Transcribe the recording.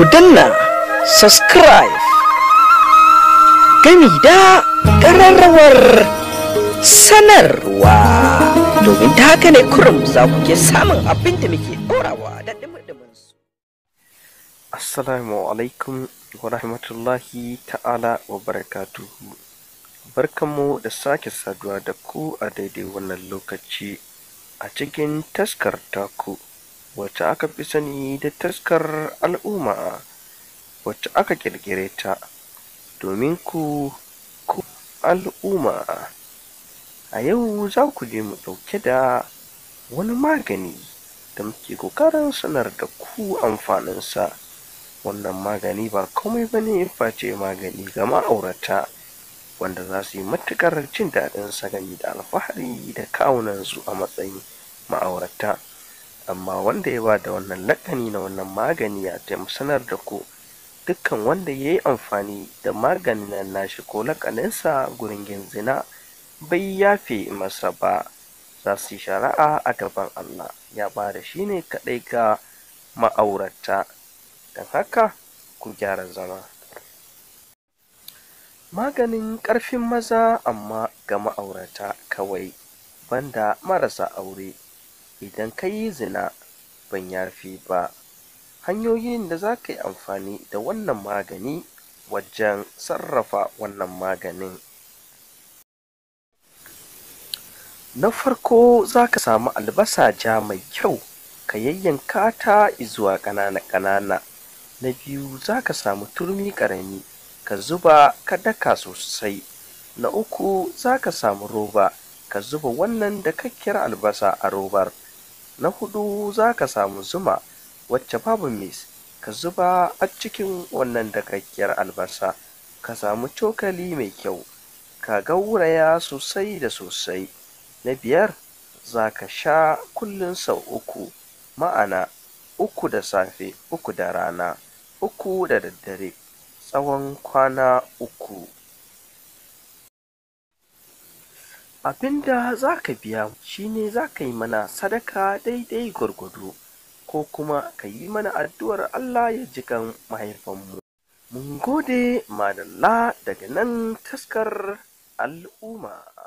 ku danna subscribe gami da ƙararrawar sanarwa domin ta haka ne kurum za ku ke samun abin da muke ɗorawa da ɗimiɗimin su. Assalamu alaikum wa rahmatullahi ta'ala wa barakatuhu. Barkanmu da sake saduwa da ku a daidai wannan lokaci a cikin taskar taku. wacce aka fi sani da taskar al'umma wacce aka ƙirƙire ta domin ku ku al'umma a yau za ku je mu ɗauke da wani magani da muke ƙoƙarin sanar da ku amfaninsa wannan magani ba komai ba ne face magani ga ma'aurata wanda za su yi matuƙar jin daɗin sagani da alfahari da kawunan su a matsayin ma'aurata amma wanda ya ba da wannan lakani na wannan magani ya taimu sanar da ku dukkan wanda ya yi amfani da maganin na nashi ko lakaninsa gurin ginzina bai yafe masa ba za su yi shari'a a gaban Allah ya ba da shi ne kaɗai ga ma'aurata don haka ku gyara zama maganin ƙarfin maza amma ga ma'aurata kawai banda marasa aure idan ka yi zina ban yafe ba hanyoyin da za ka yi amfani da wannan magani wajen sarrafa wannan maganin na farko za ka samu albasa ja mai kyau ka yayyanka ta zuwa ƙanana-ƙanana na biyu za ka samu turmi ƙarami ka zuba ka daka sosai na uku za ka samu roba ka zuba wannan da kakkiyar albasa a robar na hudu za ka samu zuma wacce babu mis ka zuba a cikin wannan dakakkiyar albasa ka samu cokali mai kyau ka gauraya sosai da sosai na biyar za ka sha kullum sau uku ma'ana uku da safe uku da rana uku da daddare tsawon kwana uku abinda za ka biya shi ne za ka yi mana sadaka daidai gwargwado ko kuma ka yi mana addu'ar Allah ya ji kan mahaifanmu mun gode madalla daga nan taskar al'umma